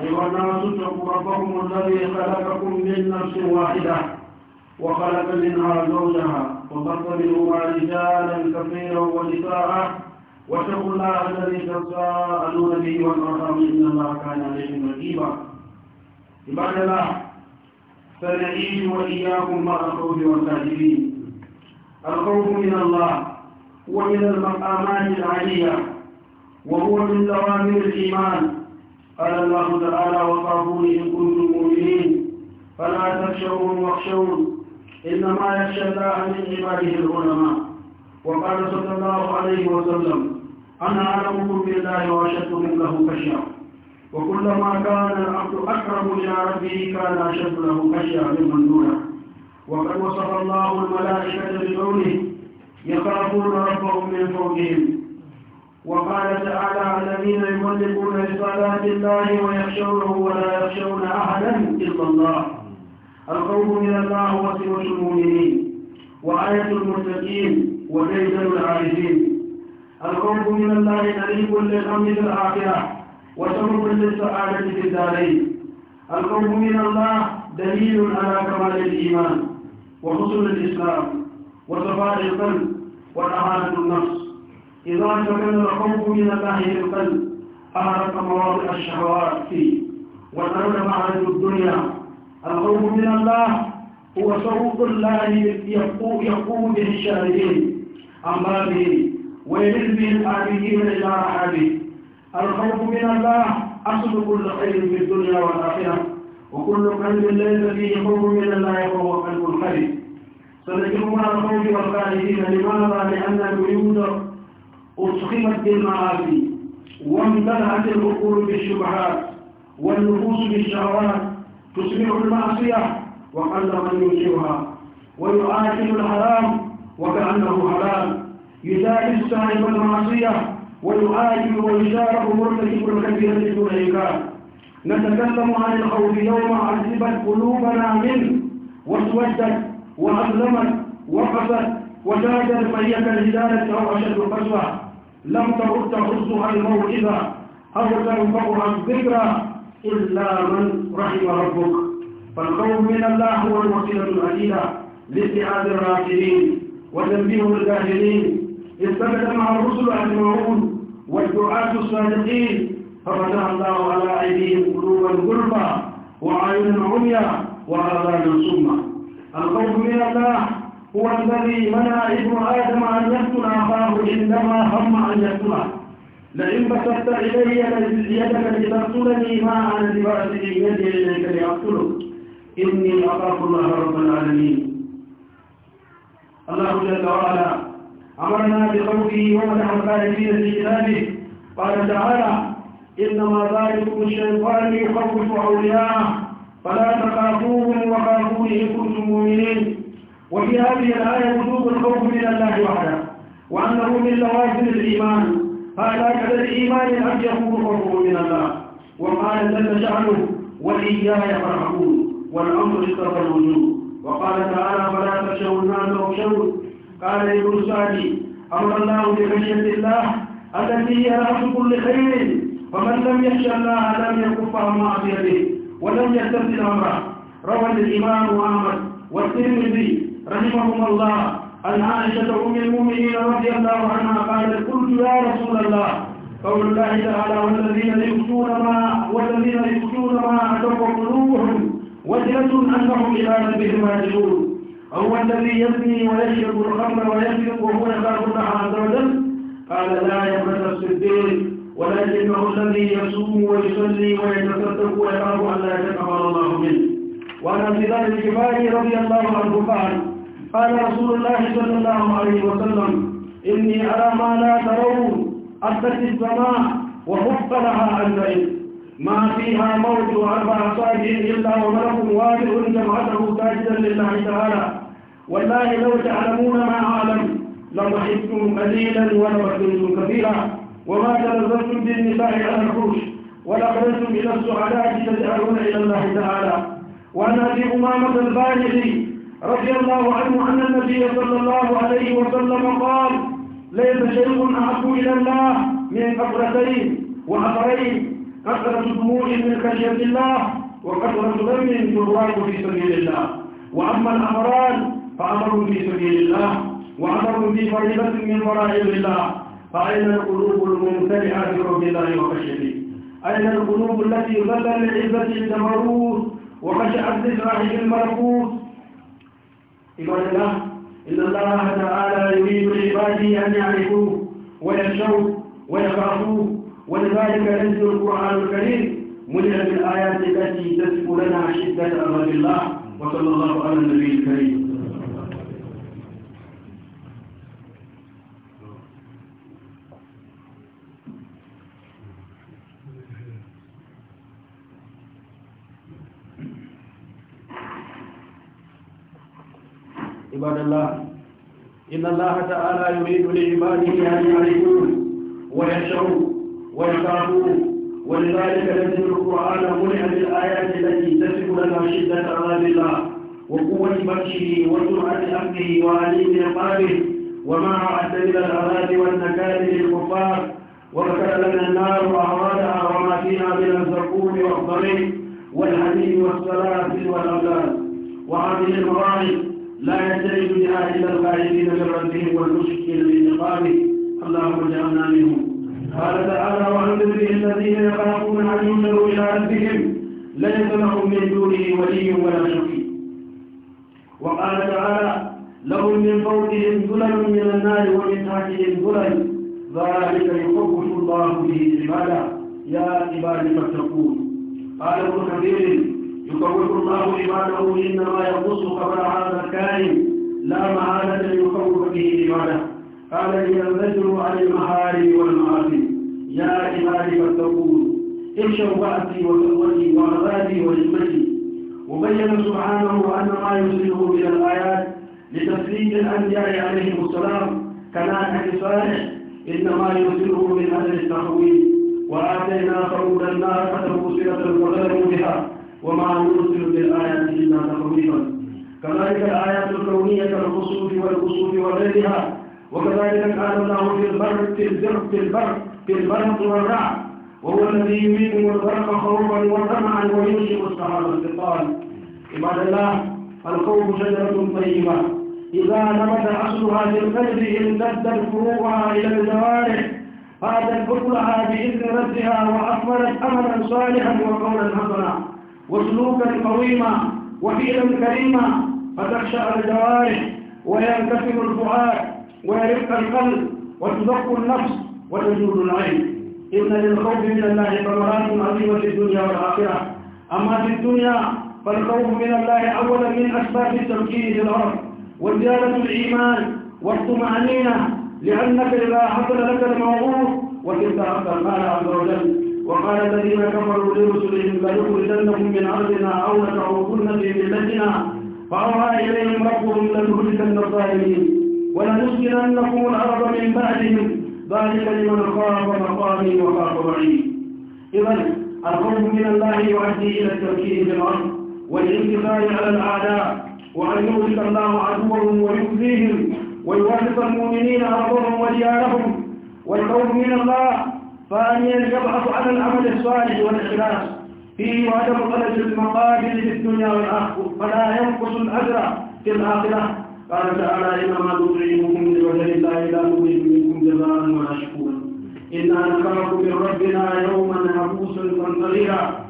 أيها الناس اتقوا ربكم الذي خلقكم من نفس واحدة وخلق منها زوجها وبث منهما رجالا كثيرا ونساء واتقوا الله الذي تساءلون به والأرحام إن الله كان عليكم رقيبا عباد الله فنعيش وإياكم مع الخوف والكاذبين الخوف من الله ومن المقامات العالية وهو من دوامر الإيمان قال الله تعالى وخافوني إن كنتم مؤمنين فلا تخشوهم واخشون إنما يخشى الله من عباده العلماء وقال صلى الله عليه وسلم أنا أعلمكم بالله وأشدكم له خشية وكلما كان العبد أكرم إلى ربه كان أشد له خشية ممن دونه وقد وصف الله الملائكة بقوله يخافون ربهم من فوقهم وقال تعالى الذين يبلغون رسالات الله ويخشونه ولا يخشون أحدا إلا الله القوم من الله وسوة المؤمنين وآية المتقين وزيزن العارفين الخوف من الله قريب للأمن في الآخرة وسبب للسعادة في الدارين الخوف من الله دليل على كمال الإيمان وحسن الإسلام وصفاء القلب وطهارة النفس إذا تكلم الحب من ناحية القلب أعرف مواضع الشهوات فيه وترك معرفة الدنيا الخوف من الله هو سوق الله يقوم به الشارعين عن بابه ويمل به الآبيين إلى رحابه الخوف من الله أصل كل خير في الدنيا والآخرة وكل قلب ليس فيه خوف من الله فهو قلب الخير سنجمع الخوف والخائفين لماذا؟ لأنه يوجد أسخمت بالمعاصي وامتلأت العقول بالشبهات والنفوس بالشهوات تصبح المعصية وقل من ينكرها ويؤاكل الحرام وكأنه حلال يجالس صاحب المعصية ويؤاكل ويشارك مرتكب الكبيرة دون إنكار نتكلم عن الخوف يوم عذبت قلوبنا منه واسودت وأظلمت وقفت وزادت فهي كالهلالة أو أشد القسوة لم ترد حسها الموعظة أو تنفرها الذكرى إلا من رحم ربك فالخوف من الله هو الوسيلة الأليلة لاتعاذ الرافدين وتنبيه الجاهلين استبدأ مع الرسل أجمعون والدعاة الصادقين ففتح الله على أيديهم قلوبا غلفا وعينا عميا وآذان صما الخوف من الله هو الذي منع ابن آدم أن يقتل أخاه عندما هم أن يقتله لئن بسطت إلي يدك لتقتلني ما أنا بباسط يدي إليك لأقتلك إني أخاف الله رب العالمين الله جل وعلا أمرنا بقوله ومنع الخالدين في كتابه قال تعالى إنما ذلكم الشيطان يخوف أولياءه فلا تخافوهم وخافون إن كنتم مؤمنين وفي هذه الآية وجود الخوف من الله وحده وأنه من لوازم الإيمان هذا كذا الإيمان أن يكون خوفه من الله وقال جل شأنه وإياي فارهبون والأمر اقتضى الوجوب وقال تعالى فلا تخشوا الناس واخشوا قال ابن سعدي أمر الله بخشية الله التي هي رأس كل خير فمن لم يخشى الله لم يكف عن معصيته ولم يستبدل أمره روى الإمام أحمد والترمذي رحمهم الله عن عائشة أم المؤمنين رضي الله عنها قالت قلت يا رسول الله قول الله تعالى والذين يؤتون ما والذين يؤتون ما أتوا قلوبهم وجلة أنهم إلى ربهم راجعون أو الذي يبني ويشرب الخمر ويسرق وهو يخاف الله عز وجل قال لا نفس الصديق ولكنه الذي يصوم ويصلي ويتصدق ويخاف أن لا يتقبل الله منه وعن عبد الله الجبائي رضي الله عنه قال قال رسول الله صلى الله عليه وسلم إني أرى ما لا ترون أتت السماء وحق لها أجرين ما فيها موت أربع أصابع إلا وملك وارئ جمعته ساجدا لله تعالى والله لو تعلمون ما أعلم لضحكتم قليلا ولبخلتم كثيرا وما تلذذتم بالنساء على الفرش ولقلتم إلى السعداء تجعلون إلى الله تعالى وأنا في أمامة البالغ رضي الله عنه أن النبي صلى الله عليه وسلم قال ليس شيء أحب إلى الله من قبرتين وأثرين كثرة دموع من خشية الله وكثرة دم تروح في سبيل الله وأما الأمران فأمر في سبيل الله وأمر في فريضة من فرائض الله فأين القلوب الممتلئة برب الله وخشيته أين القلوب التي ظل لعزه الجبروت وخشعت لله بالملكوت عباد الله إن الله تعالى يريد لعباده أن يعرفوه ويخشوه ويخافوه ولذلك ينزل القرآن الكريم منع بالآيات التي تذكر لنا شدة أمر الله وصلى الله على النبي الكريم عباد الله إن الله تعالى يريد لعباده أن يعرفون ويخشون ويخافون ولذلك نزل القرآن منع بالآيات التي تصف لنا شدة عذاب الله وقوة بطشه وسرعة أمره وعليم عقابه وما أعد من العذاب والنكال للكفار وذكر لنا النار وأعراضها وما فيها من الزقوم والضريب والحديد والصلاة والأولاد وهذه المراحل لا يستعيد بها إلا القائلين من ربهم والمشركين بإنقاذه اللهم اجعلنا منهم قال تعالى وأنذر به الذين يخافون أن ينذروا إلى ربهم ليس لهم من دونه ولي ولا شفيع وقال تعالى لهم من فوقهم ذلل من النار ومن تحتهم ذلل ذلك يخوف الله به عباده يا عبادي فاتقون قال ابن كثير يخوف الله عباده إنما يخص قبل هذا الكائن لا معالة يخوف به عباده قال لينزجوا عن المحارم والمعاصي يا عبادي فاتقون امشوا بعثي وتقوتي وعذابي وجمتي وبين سبحانه أن ما يرسله من الآيات لتفريج الأنبياء عليهم السلام كناحة صالح إنما يرسله من أجل التحويل وآتينا فرود النار سيره الغلام بها وما نرسل بالآيات إلا تخويفا كذلك الآيات الكونية كالخسوف والكسوف وغيرها وكذلك قال الله في البر في البر في البر في البرق والرعد وهو الذي يريكم البرق خوفا وطمعا وينشئ السحاب الثقال عباد الله الخوف شجرة طيبة إذا نبت أصلها في القلب امتدت فروعها إلى الجوارح فاتت فضلها بإذن ربها وأثمرت أملا صالحا وقولا حسنا وسلوكا قويما وحيلا كريما فتخشع الجوارح وينكسر الفؤاد ويرق القلب وتدق النفس وتجود العين إن للخوف من الله ثمرات عظيمة في الدنيا والآخرة أما في الدنيا فالخوف من الله أولا من أسباب التمكين في الأرض وزيادة الإيمان والطمأنينة لأنك إذا حصل لك الموعود وكنت أفضل المال عز وجل وقال الذين كفروا لرسلهم لنخرجنهم من ارضنا او لتعوضن في ملتنا فاوحى اليهم ربهم لنهلكن الظالمين ولنسكننكم الارض من بعدهم ذلك لمن خاف مقامي وخاف وعيد اذا الخوف من الله يؤدي الى التركيز في الارض والانتقال على الاعداء وان يغلق الله عدوهم ويؤذيهم ويورث المؤمنين ارضهم وديارهم والخوف من الله ثانيا يبحث عن العمل الصالح والإخلاص فيه وعدم طلب المقابل في الدنيا والآخرة فلا ينقص الأجر في الآخرة قال تعالى إنما نطعمكم وجه الله لا نريد منكم جزاء ولا شكورا إنا نخاف من ربنا يوما عبوسا قمطريرا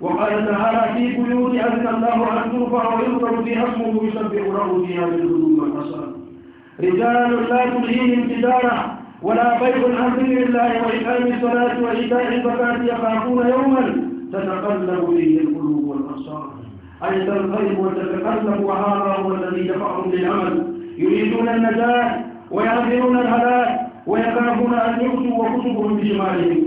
وقال تعالى في بيوت أذن الله أن ترفع ويذكر فيها اسمه يسبح له فيها بالغدو والأصال رجال لا تلهيهم تجارة ولا خير عن ذكر الله وإقام الصلاة وإيتاء الزكاة يخافون يوما تتقلب فيه القلوب والأبصار أي تنقلب وتتقلب وهذا هو الذي دفعهم للعمل يريدون النجاة ويعذرون الهلاك ويخافون أن يؤتوا وكتبهم بشمالهم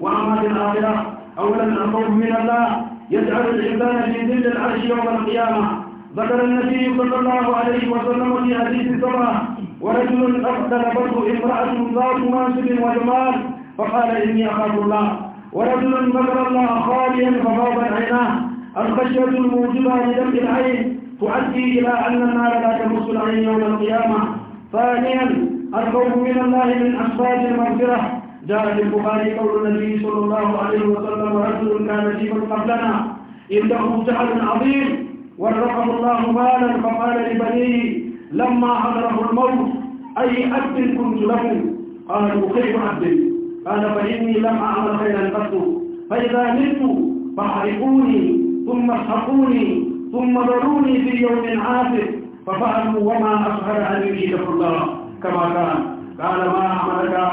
وأما في الآخرة أولا الخوف من الله يجعل العباد في ظل العرش يوم القيامة ذكر النبي صلى الله عليه وسلم في حديث سبعة ورجل برضو امرأة ذات منصب وجمال فقال إني أخاف الله ورجل نظر الله خاليا فغاب عيناه الخشية الموجبة لدم العين تؤدي إلى أن النار لا تمس العين يوم القيامة ثانيا الخوف من الله من أسباب المغفرة جاء في البخاري قول النبي صلى الله عليه وسلم رجل كان جيبا قبلنا إنه جهل عظيم ورقه الله مالا فقال لبنيه لما حضره الموت أي عبد كنت له قال خير عبد قال فإني لم أعمل خيرا قط فإذا مت فاحرقوني ثم اسحقوني ثم ذروني في يوم عاتب ففعلوا وما أشهر أن يجيبه الله كما كان قال ما عملك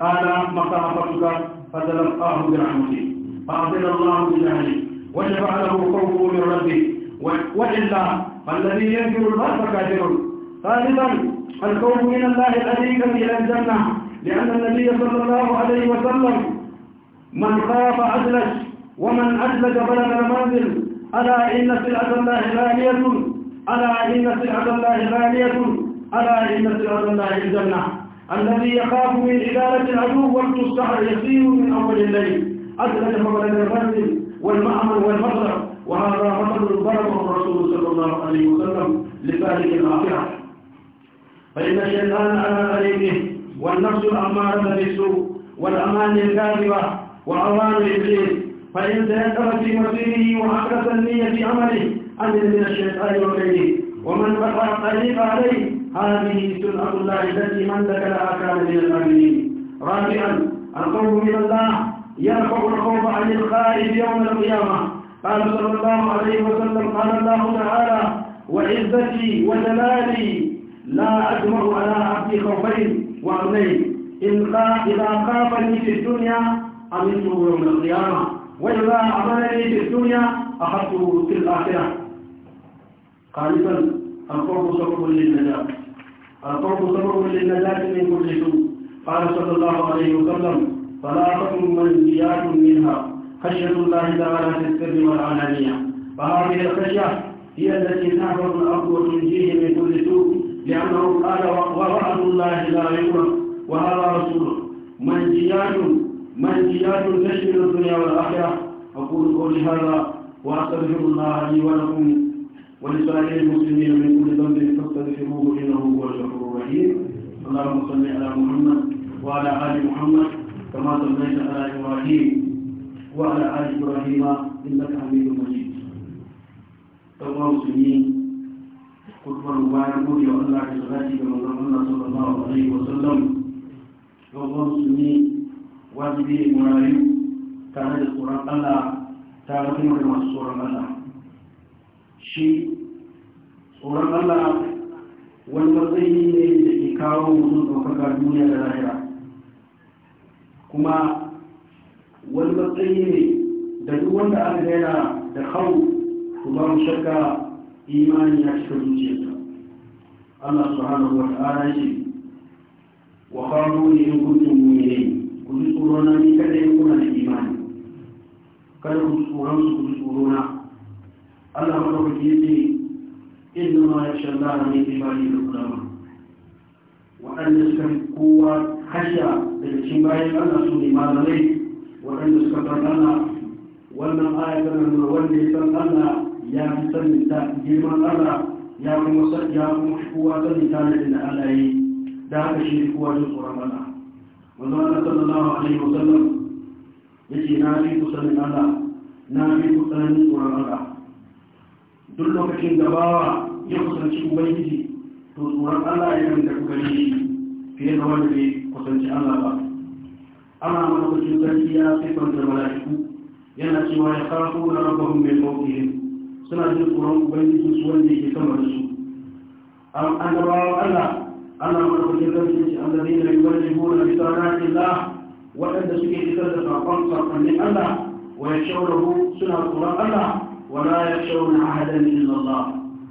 قال مخافتك فتلقاه برحمته فأعطينا الله بجهله وجب له قومه من ربه وإلا الذي ينكر البر كافر ثالثا الخوف من الله الأليم في الجنة لأن النبي صلى الله عليه وسلم من خاف أجلج ومن أجلج بلغ المنزل ألا إن سلعة الله غالية ألا إن سلعة الله غالية ألا إن سلعة الله الجنة الذي يخاف من إدارة العدو والمستحر يسير من أول الليل أجلج بلغ المنزل والمأمر والمصرف وهذا مثل ضرب الرسول صلى الله عليه وسلم لذلك الآخرة فإن الشيطان على غريبه والنفس الأمارة بالسوء والأماني الكاذبة وأوان الابليس فإن تيسر في مسيره وأخلص النية في عمله أمن من الشيطان وغيره ومن بقى الطريق عليه هذه سنة الله التي من لك لها كان من الآمنين رابعا الخوف من الله يرفع الخوف عن الخائف يوم القيامة قال صلى الله عليه وسلم قال الله تعالى وعزتي وجلالي لا أجمع على عبدي خوفين وأمنين إن إذا خافني في الدنيا أمنته يوم القيامة وإذا أمنني في الدنيا أخذته في الآخرة خالصا القرب سبب للنجاة القرب سبب للنجاة من كل سوء قال صلى الله عليه وسلم فلا تكن منها خشية الله تعالى في السر والعلانية فهذه الخشية هي التي تحفظ الأرض وتنجيه من كل سوء لأنه قال ووعد الله لا يغرق وهذا رسوله منجيات منجيات تشمل الدنيا والآخرة أقول قولي هذا وأستغفر الله لي ولكم ولسائر المسلمين من كل ذنب فاستغفروه إنه هو الغفور الرحيم اللهم صل على محمد وعلى آل محمد كما صليت على إبراهيم وعلى آل إبراهيم إنك حميد مجيد ɗaukar musulmi kutubar bayan gode wa Allah da salati ga manzon Allah sallallahu alaihi wa sallam ɗaukar musulmi wajibi ne murayu tare da tsoron Allah tare kuma da masu tsoron Allah shi tsoron Allah wani matsayi ne da ke kawo mutum ɗaukaka duniya da lahira kuma wani matsayi ne da duk wanda aka gaya da hau to babu shakka imani ya cika zuciyarsa Allah subhanahu wa ta'ala ce wa qalu in kuntum mu'minin ku ji tsoro na ni kada in kuna da imani kada ku tsoron su ku ji tsoro na Allah ma madaukaki yace inna ma yasha Allah min ibadihi al-ulama waɗanda suka fi kowa kasha daga cikin bayan Allah su ne malamai waɗanda suka san Allah wannan aya tana nuna wanda ya san Allah ya fi sanin ta girman Allah ya kuma san ya kuma kowa sanin ta da Allah yi da haka shi kowa jin tsoron Allah manzo Allah sallallahu alaihi wasallam yace na fi ku sanin Allah na fi ku tsoron Allah duk lokacin da bawa ya kusanci ubangiji to tsoron Allah ya kan da kuka shi fiye da wanda bai kusanci Allah ba Allah mutum sarki ya sifar da mala'iku yana cewa ya kafu na rabbahum mai fawqihim suna jin tsoron ubangiji su wanda ke sama da su an annabawa Allah Allah mutum sarki ya ce allazina yuwajjihuna bi sanati Allah waɗanda suke isar da sakon sakonnin Allah wa yashawruhu suna tsoron Allah ولا يخشون احدا الا الله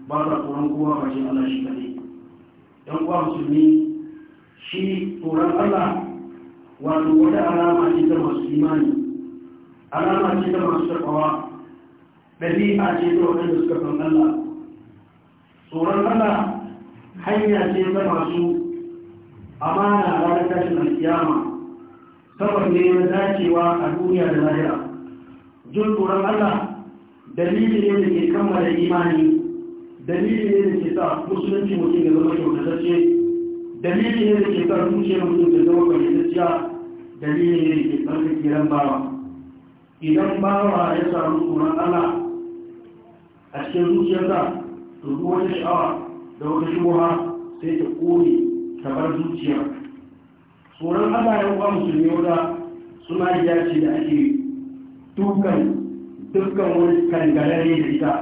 بعد قران قوه فشي الله شي كدي دان قوه مسلمي shi tsoron Allah. wato wata alama ce ta masu imani alama ce ta masu takawa ɗabi'a ce ta waɗanda suka san Allah tsoron Allah hanya ce ta masu amana ranar tashin alkiyama saboda ne na dacewa a duniya da lahira jin tsoron Allah dalili ne da ke kammala imani dalili ne da ke sa musulunci mutum da zama kyautatacce dalili ne da ke sa zuciyar mutum da zama kwamitacciya dalili ne ke tsarkake bawa idan bawa ya samu tsoron Allah a cikin zuciyarsa to duk wata sha'awa da wata shuwa sai ta ƙone ta bar zuciya tsoron Allah ya kwa musulmi wata suna ya ce da ake dukkan dukkan wani kangarare da ita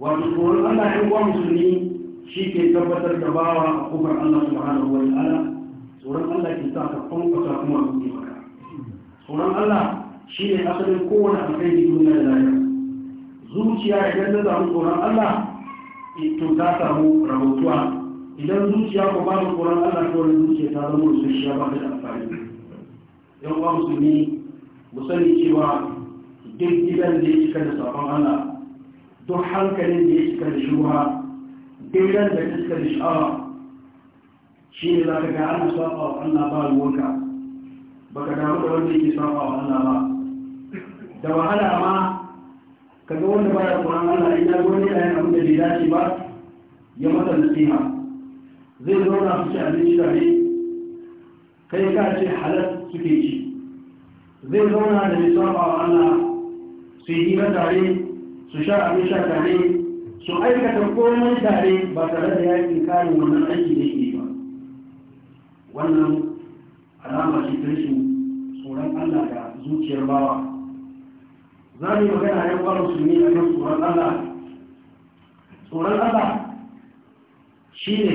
wato tsoron Allah ya kwa musulmi shi ke tabbatar da bawa a kufar Allah subhanahu wa ta'ala tsoron Allah ke sa ka kwankwasa kuma a buɗe maka tsoron Allah shi ne asalin kowane alkhairi duniya da lafiya zuciya idan ta samu tsoron Allah eh, to ta samu rahotuwa idan zuciya ko babu tsoron Allah to wani zuciya ta zama rusasshiya ba ta da amfani yan uwa musulmi mu sani cewa duk gidan da ya cika da sabon Allah duk hankalin da ya cika da shuha duk gidan da ya cika da sha'awa shi ne za ka ga ana saba wa Allah ba ruwanka ba ka damu da wanda yake saba wa Allah ba da wahala ma ka ga wanda baya kuma Allah in ya gwani a yana da bai shi ba ya mata nasiha zai zauna su ci abinci tare kai ka ce halal suke ci zai zauna da mai saba wa Allah su yi hira tare su sha abin sha tare su aikata komai tare ba tare da yakin kare wannan aiki ne. wannan alama ce ta rashin tsoron allah da zuciyar bawa za mu yi magana yan kwa musulmi a kan tsoron allah tsoron allah shi ne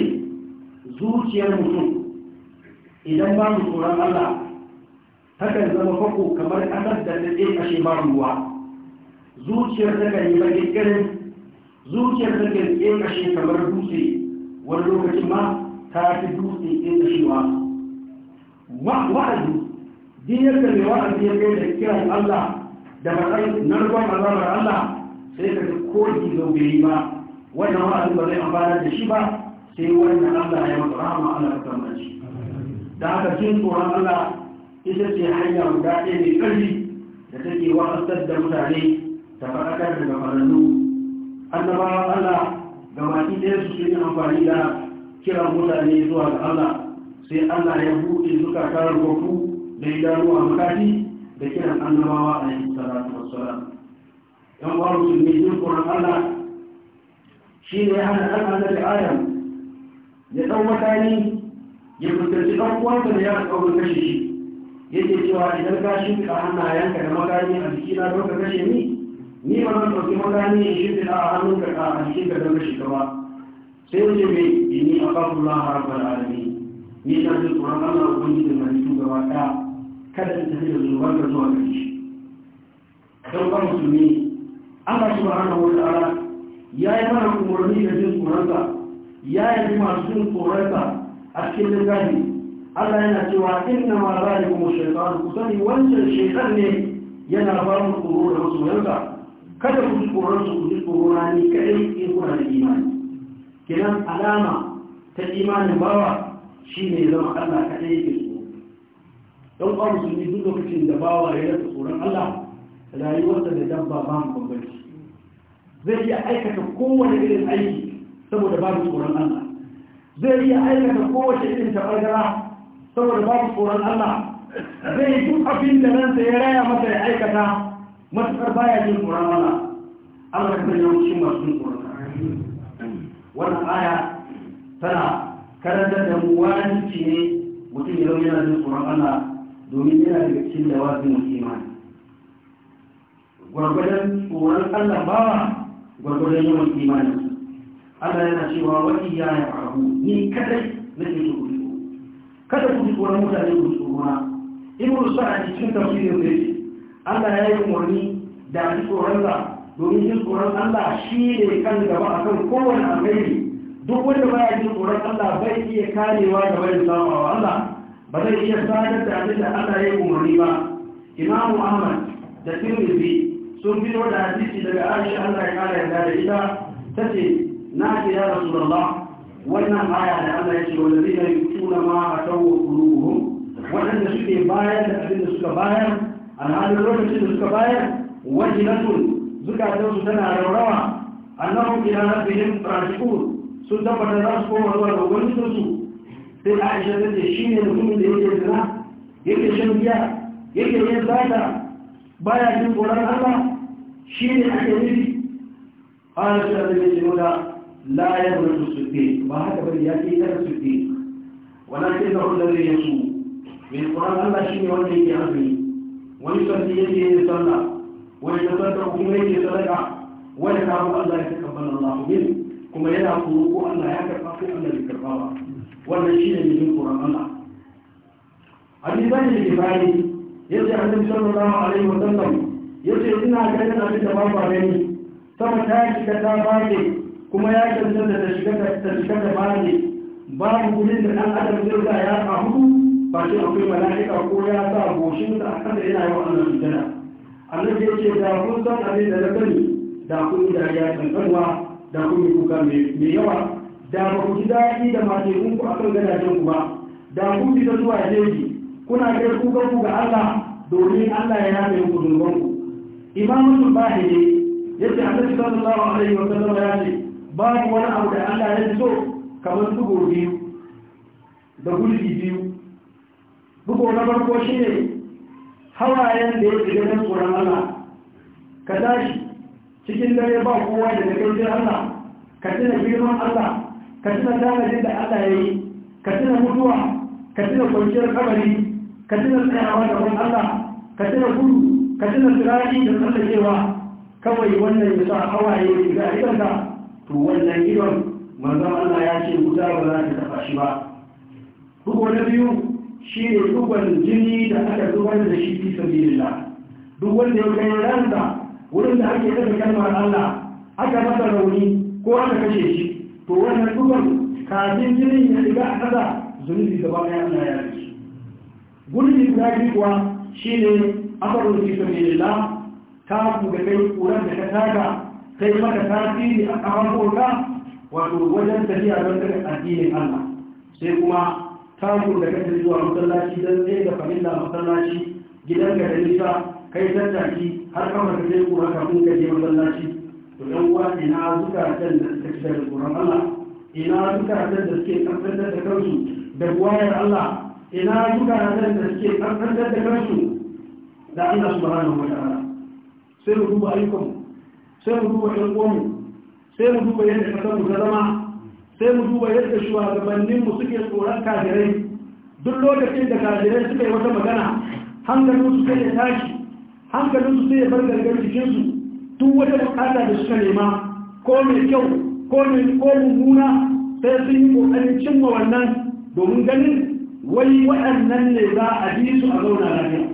zuciyar mutum idan ba mu tsoron allah takan zama fako kamar ƙasar da ta tsaye kashe ba ruwa zuciyar ta kan yi bakin ganin zuciyar kan tsaye kashe kamar dutse wani lokacin ma ta fi dutse ɗin cewa wa'azi din da mai wa'azi ya kai da kiran Allah da matsayin narkon azabar Allah sai ka ko gizo bai yi ba wannan wa'azi ba zai amfana da shi ba sai wannan Allah ya masa rahama Allah ta kamar shi da haka jin tsoron Allah ita ce hanya guda ɗaya mai ƙarfi da take wa'azar da mutane ta faɗakar da gafararru annabawa Allah ga ɗaya su yi amfani da kiran mutane zuwa ga Allah sai Allah ya buɗe karar kofu da a makati da kiran annabawa a yi salatu wassalam yan su musulmi jin kuran Allah shi ne ya hana ɗan annabi Adam ya ɗan matani ya fuskanci ɗan uwansa da ya ɗauka kashe shi yake cewa idan ka shi a hannayenka da makami a jikina don ka kashe ni ni ba zan ɗauki makami in ne a hannunka a jikinka don kashe ka ba sai ce mai ini a kafin lamar alami ni na ji tsoron allah ubangiji mai shugaba ɗaya kada ta tafi da zubar da zuwa gari shi don ba musulmi allah shi ba hana wata ala ya yi mana umarni da jin tsoronsa ya yi masu jin tsoronsa a cikin littafi allah yana cewa inna ma za a yi kuma shaitan ku sani wancan shaitan ne yana ba mu tsoro da masoyansa kada ku ji tsoronsa ku ji tsorona ni kaɗai in kuna da imani kiran alama ta imanin bawa shi ne zama Allah ka ɗaya ke tsoro don ba musulmi duk lokacin da bawa ya rasa tsoron Allah rayuwarsa da dabba ba mu bambanci zai iya aikata kowane irin aiki saboda babu tsoron Allah zai iya aikata kowace irin tabargara saboda babu tsoron Allah zai duk abin da nan sai ya raya masa ya aikata matuƙar baya jin tsoron Allah Allah ka sanya mu cikin masu tsoron Allah wannan aya tana karantar da mu wajibi ne mutum ya zama yana jin tsoron Allah domin yana daga cikin lawazin imani gwargwadon tsoron Allah bawa gwargwadon yawan imanin Allah yana cewa wani ya ya faru ni kadai na ke so kuɗi kada ku ji tsoron mutane ku tsorona in ku sa a cikin tafsirin da Allah ya yi umarni da a ji tsoron sa domin jin tsoron Allah shi ne kan gaba akan kowane alkhairi duk wanda baya jin tsoron Allah bai iya karewa da bai samu Allah ba zai iya sadar da abin da Allah ya umarni ba Imam Ahmad da Tirmidhi sun bi da hadisi daga Aisha Allah ya kare da ita tace na ce Rasulullah wannan aya da Allah ya ce wallazina yutuna ma atawu qulubuhum wadanda suke bayar da abin da suka bayar alhalin lokacin da suka bayar wajilatun zukatansu tana raurawa annahum ila rabbihim raji'un sun tabbata za su koma wani ga su sai aisha ta ce shi ne mutumin da yake zina yake shan giya yake yin zata baya jin tsoron allah shi ne ake nufi ana shi da zai ce nuna la ya zama su suke ba haka bari ya ke kada suke wannan ke da hulɗar da yasu mai tsoron allah shi ne wanda yake azumi wani santi yake yin sallah wani da sadar kuma yake sadaka wani kawo Allah ya kabbala Allah min kuma yana kuma ko Allah ya karɓa ko Allah ya karɓa ba wannan shi ne mijin Qur'an Allah hadisan da ke bayi yace annabi sallallahu alaihi wa sallam yace ina ganin abin da babu ba ne sama ta shiga ta bage kuma ya kanta da ta shiga ta shiga ta bage babu gurin da dan adam zai ga ya samu ba shi akwai mala'ika ko ya sa goshin da akan da yana yawan annabi sallallahu annabi ya ce da kun san abin da na sani da kun da dariya kankanwa da kun yi kuka mai yawa da ba ku ji daɗi da matekun ku akan gadajen ku ba da kun fita zuwa jeji kuna kai kukan ku ga Allah domin Allah ya yame ku zunuban ku imam al-bahiri yace annabi sallallahu alaihi wa sallam ya ce babu wani abu da Allah ya so kamar su biyu da gudu biyu dubo na farko ne. hawayen da ya shiga na tsoron Allah ka tashi cikin dare ba kowa da kai sai Allah ka tuna girman Allah ka tuna tanadin da Allah ya yi ka tuna mutuwa ka tuna kwanciyar kabari ka tuna tsayawa da wani Allah ka tuna gudu ka tuna tsirani da tsallakewa kawai wannan ya sa hawaye ya shiga idonka to wannan idon manzon Allah ya ce wuta ba za ta taɓa shi ba. Hukumar biyu shi ne jini da aka zubar da shi fi sabilillah duk wanda ya kai ranta wurin da ake daga kalmar Allah aka masa rauni ko aka kashe shi to wannan zuban kafin jini ya riga a kasa zunubi ba ya Allah ya Gurbi gudun zaki kuwa shi ne afarun fi da ta ku ga kai kuran da ka taka kai maka tasiri a boka wato wajen tafiya don daga addinin Allah sai kuma samun da kake zuwa masallaci don tsaye da fahimta masallaci gidan da nisa kai tattaki har kama ka sai kura kafin ka je masallaci to dan uwa ina zukatan da suka ci daga Allah ina zukatan da suke kaskantar da kansu da wayar Allah ina zukatan da suke kaskantar da kansu da Allah subhanahu wa ta'ala sai mu duba ayyukan sai mu duba ƴan uwanmu sai mu duba yadda ka mu ta zama sai mu duba yadda shugabanninmu suke tsoron kafirai duk lokacin da kafirai suka yi wata magana hankalinsu sai ya tashi hankalinsu sai ya bar gargar jikinsu duk wata bukata da suka nema ko mai kyau ko mai ko mummuna sai sun yi kokarin cimma wannan domin ganin wai waɗannan ne za a bi su a zauna lafiya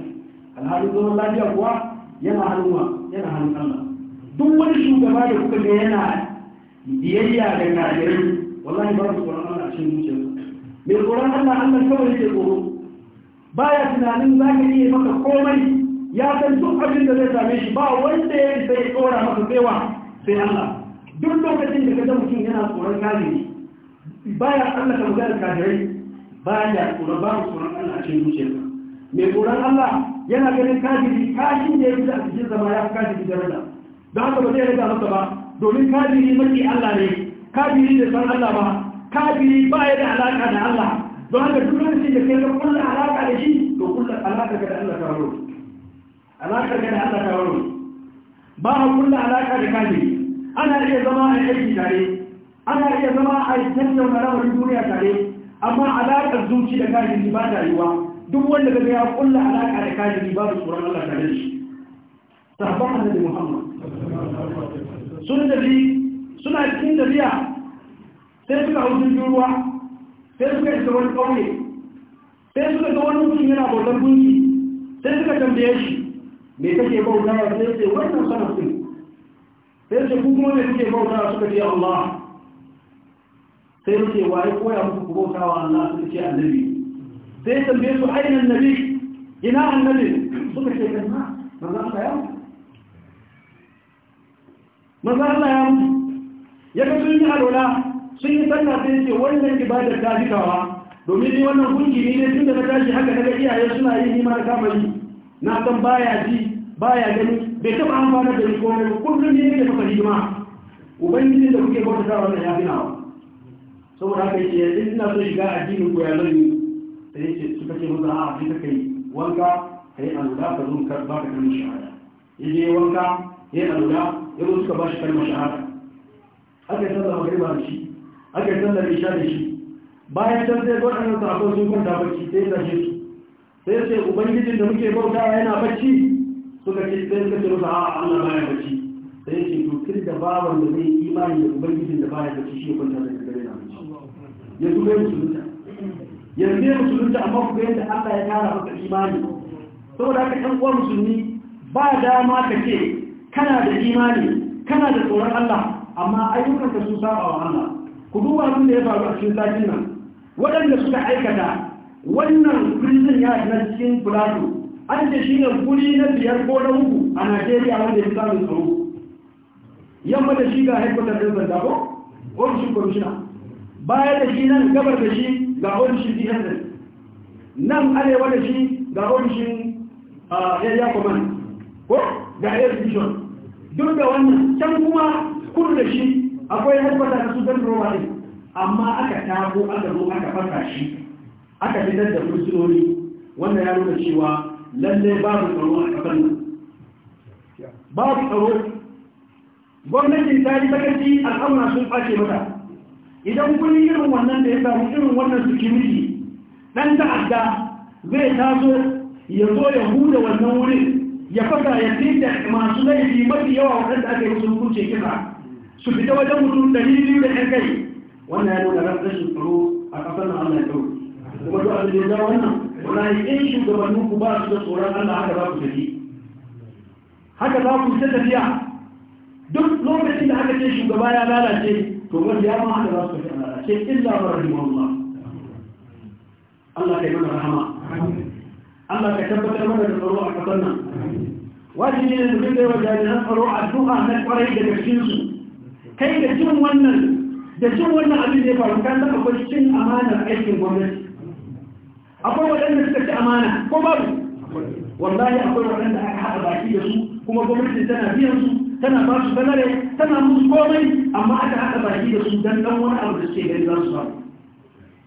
alhalin zaman lafiya kuwa yana hannuwa, yana hannun Allah duk wani shugaba da kuka ga yana biyayya da kafirai wallahi ba su tsoron Allah a cikin zuciyar mai tsoron Allah Allah kawai yake tsoro ya tunanin za ka iya maka komai ya san duk abin da zai same shi ba wanda ya zai tsora maka tsewa sai Allah duk lokacin da ka ga mutum yana tsoron kafiri baya Allah ka magana kafirai baya tsoron ba tsoron Allah a cikin zuciyar mai tsoron Allah yana ganin kafiri kashin da ya fita a cikin zama ya fi kafiri daraja don haka ba zai rika masa ba domin kafiri mafi Allah ne kafiri da san Allah ba kafiri ba ya da alaka da Allah don haka duk lokacin da kai ka kulla alaka da shi to kulla alaka da Allah ta rawo alaka da Allah ta rawo ba ha kulla alaka da kafiri ana iya zama a aiki tare ana iya zama a tattauna lamarin duniya tare amma alaka zuci da kafiri ba ta yiwa duk wanda ga ya kulla alaka da kafiri babu tsoron Allah tare da shi sahabban annabi Muhammad Sunan da suna cikin tafiya sai suka hau jirgin ruwa sai suka isa wani ƙauye sai suka ga wani mutum yana bautar gunki sai suka tambaye shi me take bauta wa sai ce wannan sanarfin sai ce ku kuma me kake bauta bautawa suka ce Allah sai suke waye koya muku bauta wa Allah suka ce annabi sai tambaye su ainihin annabi ina annabi suka ce kan ma manzo Allah ya mutu manzo Allah ya mutu ya ga sun yi alola sun yi sallah sai ce wannan ibadar ta fi kawa domin ni wannan kungi ne tun da na tashi haka daga iyaye suna yi ni mara kamari na san baya ji baya gani bai taɓa amfana da ni komai kullum ne da muka hidima ubangiji da kuke bauta ta wannan ya fi nawa saboda haka yake yanzu ina so shiga addinin ku ya zan yi sai yace suka ce maza a fi ka yi wanka kai alula ka zo ka ba ka kalmar shahada yaje wanka yayi alula ya zo suka ba shi kalmar shahada aka yi sallar magariba da shi aka yi sallar isha da shi bayan can sai waɗannan sahabban sun kwanta bacci sai ya tashe su sai sai ubangijin da muke bauta yana bacci suka ce sai suka ce masa a'a Allah baya bacci sai ce to kin da bawan da zai imani da ubangijin da baya bacci shi kwanta da gare na bacci yanzu bai musulunta yanzu bai musulunta amma ku ga yadda Allah ya tara maka imani saboda haka ɗan uwa musulmi ba dama ka ce kana da imani kana da tsoron Allah amma ayyukan ka sun saba wa Allah ku duba abin da ya faru a cikin sakin nan waɗanda suka aikata wannan prison ya na cikin plato an ce shi ne guri na biyar ko na uku a Najeriya wanda ya samu tsaro yamma da shi ga haikwatar da zanda ko ofishin kwamishina baya da shi nan gabar da shi ga ofishin DSS nan arewa da shi ga ofishin ah, area command ko ga air division duk da wannan can kuma kudu da shi akwai haifata da su don roma ne amma aka tago aka zo aka fata shi aka fitar da fursunori wanda ya nuna cewa lalle babu tsaro a kafin nan babu tsaro gwamnatin ta yi bakanci al'amma sun fashe mata idan kuni yi irin wannan da ya samu irin wannan security ɗan ta'adda zai taso ya zo ya huda wannan wurin ya fasa ya fi da masu laifi mafi yawa waɗanda aka yi musu hukunce kisa شوف جوا جوا مطلوب دليل يقول الحكاية وانا هلو نرد ليش الحروف اقفلنا عنا الحروف وبدو عبد الجزاء وانا ولا يقينش جوا نوك وبارك شو الصورة انا حاجة باكو جديد حاجة باكو ستة فيها دوك لو بس انت حاجة تيش وقبايا لا لا شيء تقول يا ما حاجة باكو شيء انا لا شيء الا رحمه الله الله كيفنا رحمه الله كتبت لنا من الروح قطنا واجي لنا نريد وجهنا الروح عدوها نقرا يدك الشمس kai da cin wannan da cin wannan abin da ya faru kan san akwai cin amana aikin gwamnati akwai waɗanda suka ci amana ko babu wallahi akwai waɗanda aka haɗa baki da su kuma gwamnati tana biyan su tana ba su salare tana musu komai amma aka haɗa baki da su don ɗan wani abu da suke gani za su ba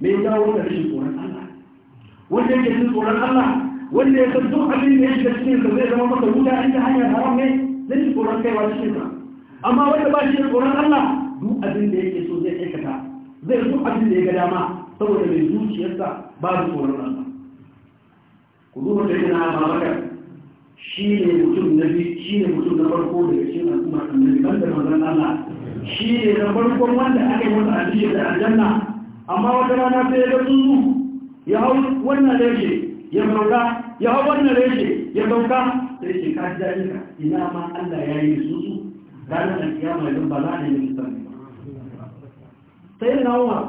me ya dawo da rashin tsoron Allah wanda yake jin tsoron Allah wanda ya san duk abin da ya shiga cikin sa zai zama masa wuta inda hanyar haram ne zai ji tsoron kaiwa cikin sa amma wanda ba shi da tsoron Allah duk abin da yake so zai aikata zai duk abin da ya ga dama saboda mai zuciyarsa da tsoron Allah ku duba da yana babakar shi ne mutum na biyu shi ne mutum na farko daga cikin al'umma ban banda manzon Allah shi ne na farkon wanda aka yi masa aljiya da aljanna amma wata rana sai ya ga tsuntsu ya hau wannan reshe ya sauka ya hau wannan reshe ya sauka sai ke ka ji ka ina ma Allah ya yi tsuntsu ranar kiyama idan ba za a nemi misali sai na umar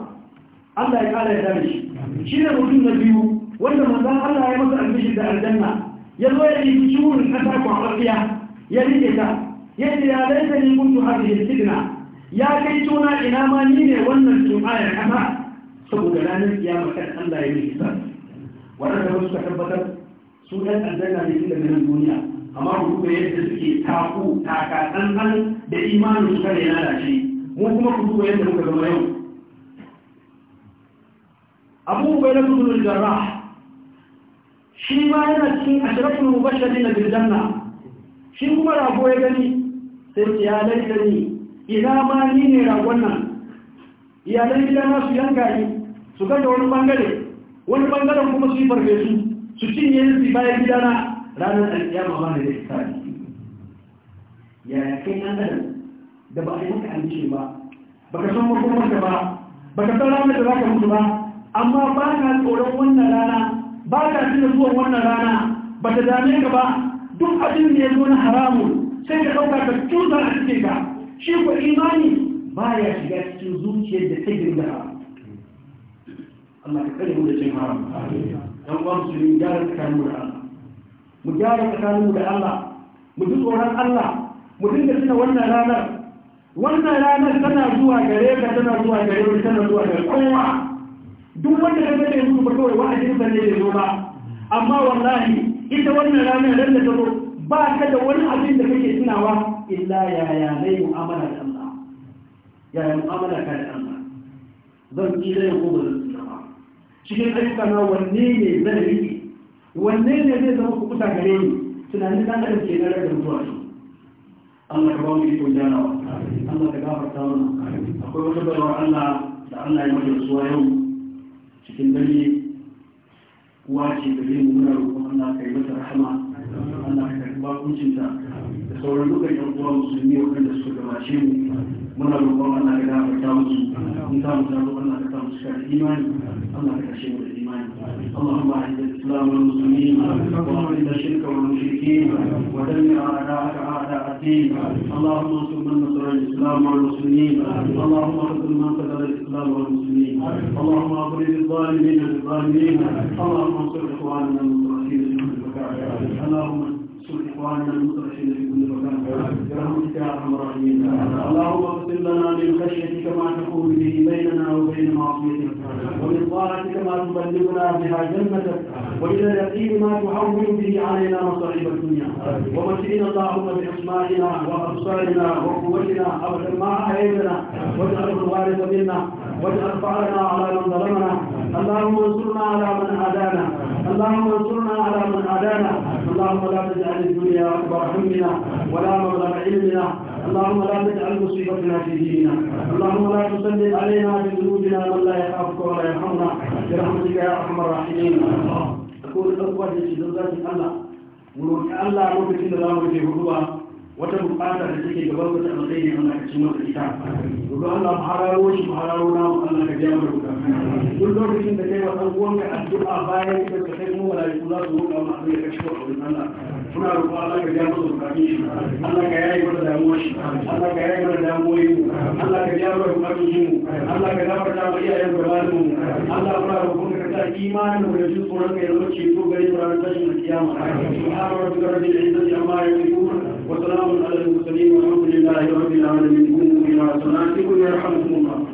Allah ya kara ya dare shi shi ne mutum na biyu wanda manzan Allah ya masa albishir da aljanna ya zo ya yi cikin kasa kwafafiya ya rike ta ya ce ya laita ni kuntu hadhihi sidna ya kai juna, ina ma ni ne wannan tsumaya kasa saboda ranar kiyama kan Allah ya yi hisabi wannan da ka tabbatar su ɗan aljanna ne tun daga nan duniya amma ku yadda suke taku taka tsantsan, da imanin su kada ya lalace mu kuma ku duba yadda muka zama yau abu bai na kudu jarrah shi ma yana cikin ashirin mubashirin na birjanna shi kuma rago ya gani sai ya laifin ni ina ma ni ne ragon nan iyalan gidana su yanka ni su gada wani bangare wani bangaren kuma su yi farfesu su cinye su bayan gidana ranar alƙiyama ba ne da hisabi yaya kai nan nan da ba a yi maka alƙi ba baka san makomar da ba baka san ranar da za ka mutu ba amma ba ka tsoron wannan rana ba ka tuna zuwan wannan rana ba ta dame ka ba duk abin da ya zo na haramun sai ka ɗauka ka cuta a cikin ka shi ko imani ba ya shiga cikin zuciyar da ta girma Allah ka kare mu da cin haram dan uwan su yi gyara tsakanin mu da Allah mu gyara tsakaninmu da Allah mu ji tsoron Allah mu dinga tuna wannan ranar wannan ranar tana zuwa gare ka tana zuwa gare ka tana zuwa gare kowa duk wanda ka gane musu ba kawai wa'adin sa ne zo ba amma wallahi ita wannan ranar ran da ta ba ka da wani abin da kake tunawa illa yaya zai mu'amala da Allah yaya mu'amala ka da Allah zan kila ya ko ba zan tsira ba cikin ayyuka na wanne ne zan yi wanne ne zai zama ku kusa gare ni tunanin dan adam ke dare da mutuwa shi Allah ka ba mu iko jarawa Allah ka gafarta mana akwai wata barwar Allah da Allah ya mata suwa yau cikin dare wace gare mu muna roƙon Allah ka yi mata rahama Allah ka karɓi bakuncinta da sauran dukkan yan uwa musulmi wanda suka gabace mu muna roƙon Allah ka gafarta musu mun samu ta roƙon Allah ka ta musu imani Allah ka kashe mu da imani Allahumma a'izzana الإسلام والمسلمين وأعلم الشرك والمشركين ودمع أعداءك أعداء الدين اللهم انصر من نصر الإسلام والمسلمين اللهم خذل من خذل الإسلام والمسلمين اللهم اغفر للظالمين للظالمين اللهم انصر إخواننا المستضعفين في المكان اللهم اللهم اغفر لنا من خشيتك ما تقول به بيننا وبين معصيتك ومن طاعتك ما تبلغنا بها جنتك والى اليقين ما تحول به علينا مصائب الدنيا ومتعنا اللهم باسمائنا وابصارنا وقوتنا ابدا ما احييتنا واجعله الوارث منا واجعل فعلنا على من ظلمنا اللهم انصرنا على من عادانا اللهم انصرنا على من عادانا اللهم لا تجعل الدنيا اكبر همنا ولا مبلغ علمنا اللهم لا تجعل مصيبتنا في ديننا اللهم لا تسلط علينا بذنوبنا من لا يخافك ولا يرحمنا برحمتك يا ارحم الراحمين اقول اخوتي في الله ولو الله ممكن لا ممكن هو wata bukata da take gaban wata matsayin Allah ka cimma wata ita duk Allah mu hararo shi mu hararo na mu Allah ka biya mana bukata duk lokacin da kai wa ɗan uwanka addu'a bayan ka kai mu wala yi za su roƙa mu Allah ka shigo Allah muna roƙo Allah ka ja masa bukatun shi Allah ka yaye mana damuwar shi Allah ka yayi mana damuwoyin mu Allah ka ja mana bukatun shi mu Allah ka gafarta ma iyayen mu Allah roƙo ka ta imanin mu da tsoron ka yanzu ce to gari ranar tashin kiyama d'a rabbika rabbil wa salamun ala al mursalin